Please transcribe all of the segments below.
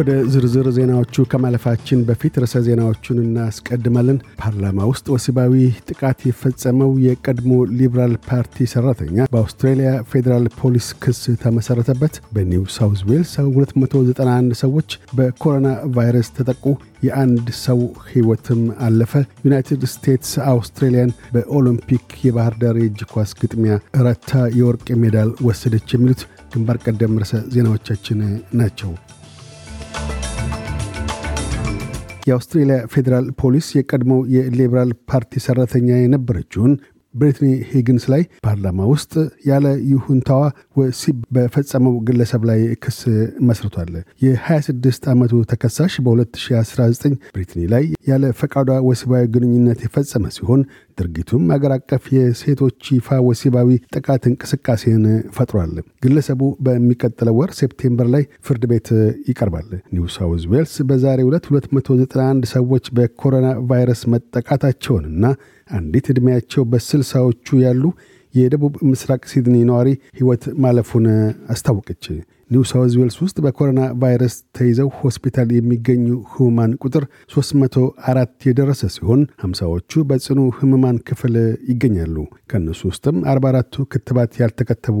ወደ ዝርዝር ዜናዎቹ ከማለፋችን በፊት ርዕሰ ዜናዎቹን እናስቀድማለን። ፓርላማ ውስጥ ወሲባዊ ጥቃት የፈጸመው የቀድሞ ሊብራል ፓርቲ ሰራተኛ በአውስትራሊያ ፌዴራል ፖሊስ ክስ ተመሰረተበት። በኒው ሳውዝ ዌልስ 291 ሰዎች በኮሮና ቫይረስ ተጠቁ። የአንድ ሰው ህይወትም አለፈ። ዩናይትድ ስቴትስ አውስትሬሊያን በኦሎምፒክ የባህር ዳር የእጅ ኳስ ግጥሚያ ረታ የወርቅ ሜዳል ወሰደች። የሚሉት ግንባር ቀደም ርዕሰ ዜናዎቻችን ናቸው። የአውስትሬልያ ፌዴራል ፖሊስ የቀድሞው የሊበራል ፓርቲ ሰራተኛ የነበረችውን ብሪትኒ ሂግንስ ላይ ፓርላማ ውስጥ ያለ ይሁንታዋ ወሲብ በፈጸመው ግለሰብ ላይ ክስ መስርቷል። የ26 ዓመቱ ተከሳሽ በ2019 ብሪትኒ ላይ ያለ ፈቃዷ ወሲባዊ ግንኙነት የፈጸመ ሲሆን ድርጊቱም አገር አቀፍ የሴቶች ይፋ ወሲባዊ ጥቃት እንቅስቃሴን ፈጥሯል። ግለሰቡ በሚቀጥለው ወር ሴፕቴምበር ላይ ፍርድ ቤት ይቀርባል። ኒው ሳውዝ ዌልስ በዛሬ ሁለት 291 ሰዎች በኮሮና ቫይረስ መጠቃታቸውንና አንዲት ዕድሜያቸው በስልሳዎቹ ያሉ የደቡብ ምስራቅ ሲድኒ ነዋሪ ሕይወት ማለፉን አስታወቀች። ኒው ሳውዝ ዌልስ ውስጥ በኮሮና ቫይረስ ተይዘው ሆስፒታል የሚገኙ ህሙማን ቁጥር 304 የደረሰ ሲሆን ሀምሳዎቹ በጽኑ ህሙማን ክፍል ይገኛሉ። ከእነሱ ውስጥም 44ቱ ክትባት ያልተከተቡ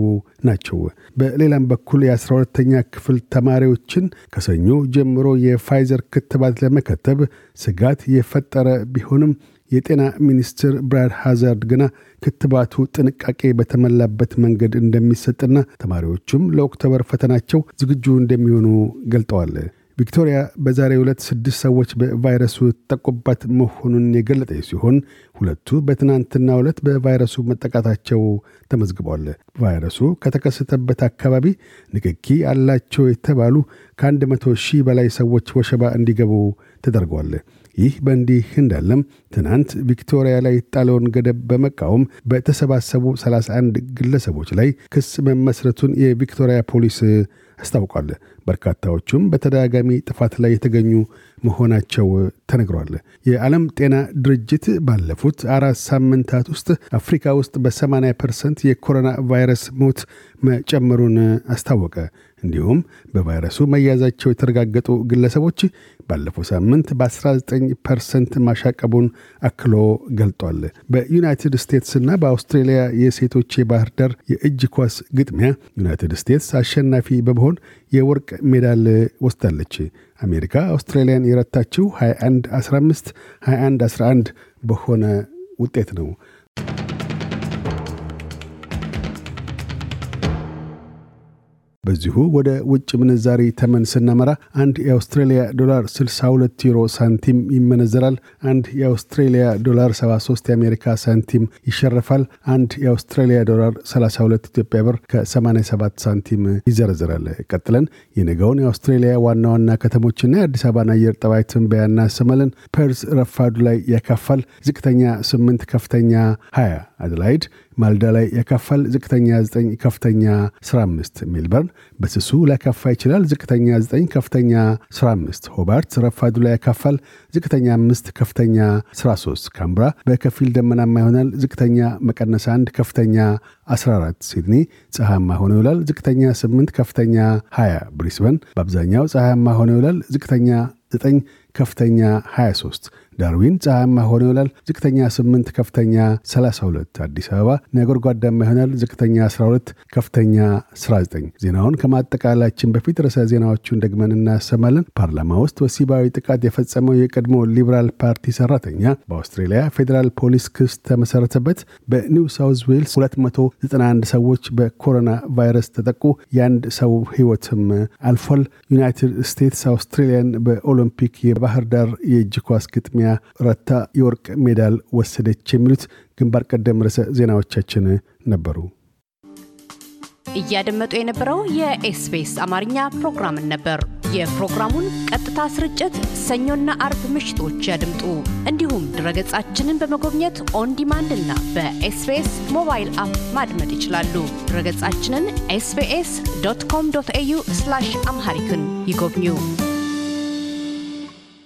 ናቸው። በሌላም በኩል የ12ተኛ ክፍል ተማሪዎችን ከሰኞ ጀምሮ የፋይዘር ክትባት ለመከተብ ስጋት የፈጠረ ቢሆንም የጤና ሚኒስትር ብራድ ሃዛርድ ግና ክትባቱ ጥንቃቄ በተሞላበት መንገድ እንደሚሰጥና ተማሪዎቹም ለኦክቶበር ፈተናቸው ዝግጁ እንደሚሆኑ ገልጠዋል። ቪክቶሪያ በዛሬ ሁለት ስድስት ሰዎች በቫይረሱ የተጠቁባት መሆኑን የገለጠ ሲሆን ሁለቱ በትናንትና ሁለት በቫይረሱ መጠቃታቸው ተመዝግቧል። ቫይረሱ ከተከሰተበት አካባቢ ንክኪ አላቸው የተባሉ ከአንድ መቶ ሺህ በላይ ሰዎች ወሸባ እንዲገቡ ተደርጓል። ይህ በእንዲህ እንዳለም ትናንት ቪክቶሪያ ላይ ጣለውን ገደብ በመቃወም በተሰባሰቡ 31 ግለሰቦች ላይ ክስ መመስረቱን የቪክቶሪያ ፖሊስ አስታውቋል። በርካታዎቹም በተደጋጋሚ ጥፋት ላይ የተገኙ መሆናቸው ተነግሯል። የዓለም ጤና ድርጅት ባለፉት አራት ሳምንታት ውስጥ አፍሪካ ውስጥ በ80 ፐርሰንት የኮሮና ቫይረስ ሞት መጨመሩን አስታወቀ። እንዲሁም በቫይረሱ መያዛቸው የተረጋገጡ ግለሰቦች ባለፈው ሳምንት በ19 ፐርሰንት ማሻቀቡን አክሎ ገልጧል። በዩናይትድ ስቴትስና በአውስትሬልያ የሴቶች የባህር ዳር የእጅ ኳስ ግጥሚያ ዩናይትድ ስቴትስ አሸናፊ በመሆን የወርቅ ሜዳል ወስዳለች። አሜሪካ አውስትራሊያን የረታችው 21 15 21 11 በሆነ ውጤት ነው። በዚሁ ወደ ውጭ ምንዛሪ ተመን ስናመራ አንድ የአውስትሬሊያ ዶላር 62 ዩሮ ሳንቲም ይመነዘራል። አንድ የአውስትሬሊያ ዶላር 73 የአሜሪካ ሳንቲም ይሸርፋል አንድ የአውስትሬሊያ ዶላር 32 ኢትዮጵያ ብር ከ87 ሳንቲም ይዘረዝራል። ቀጥለን የነገውን የአውስትሬሊያ ዋና ዋና ከተሞችና የአዲስ አበባን አየር ጠባይ ትንበያ እናሰማለን። ፐርስ ረፋዱ ላይ ያካፋል። ዝቅተኛ 8፣ ከፍተኛ 20። አደላይድ ማልዳ ላይ ያካፋል። ዝቅተኛ 9 ከፍተኛ 15 ሜልበርን በስሱ ሊያካፋ ይችላል። ዝቅተኛ 9 ከፍተኛ 15 ሆባርት ረፋዱ ላይ ያካፋል። ዝቅተኛ 5 ከፍተኛ 13 ካምብራ በከፊል ደመናማ ይሆናል። ዝቅተኛ መቀነስ 1 ከፍተኛ 14 ሲድኒ ፀሐያማ ሆኖ ይውላል። ዝቅተኛ 8 ከፍተኛ 20 ብሪስበን በአብዛኛው ፀሐያማ ሆኖ ይውላል። ዝቅተኛ 9 ከፍተኛ 23 ዳርዊን ፀሐያማ ሆኖ ይውላል። ዝቅተኛ 8 ከፍተኛ 32። አዲስ አበባ ነጎድጓዳማ ይሆናል። ዝቅተኛ 12 ከፍተኛ 19። ዜናውን ከማጠቃላችን በፊት ርዕሰ ዜናዎቹን ደግመን እናሰማለን። ፓርላማ ውስጥ ወሲባዊ ጥቃት የፈጸመው የቀድሞ ሊብራል ፓርቲ ሰራተኛ በአውስትሬሊያ ፌዴራል ፖሊስ ክስ ተመሰረተበት። በኒው ሳውዝ ዌልስ 291 ሰዎች በኮሮና ቫይረስ ተጠቁ። የአንድ ሰው ህይወትም አልፏል። ዩናይትድ ስቴትስ አውስትሬሊያን በኦሎምፒክ የባህር ዳር የእጅ ኳስ ግጥሚያ ረታ የወርቅ ሜዳል ወሰደች የሚሉት ግንባር ቀደም ርዕሰ ዜናዎቻችን ነበሩ። እያደመጡ የነበረው የኤስቢኤስ አማርኛ ፕሮግራምን ነበር። የፕሮግራሙን ቀጥታ ስርጭት ሰኞና አርብ ምሽቶች ያድምጡ። እንዲሁም ድረገጻችንን በመጎብኘት ኦንዲማንድ እና በኤስቢኤስ ሞባይል አፕ ማድመጥ ይችላሉ። ድረገጻችንን ኤስቢኤስ ዶት ኮም ዶት ኤዩ አምሃሪክን ይጎብኙ።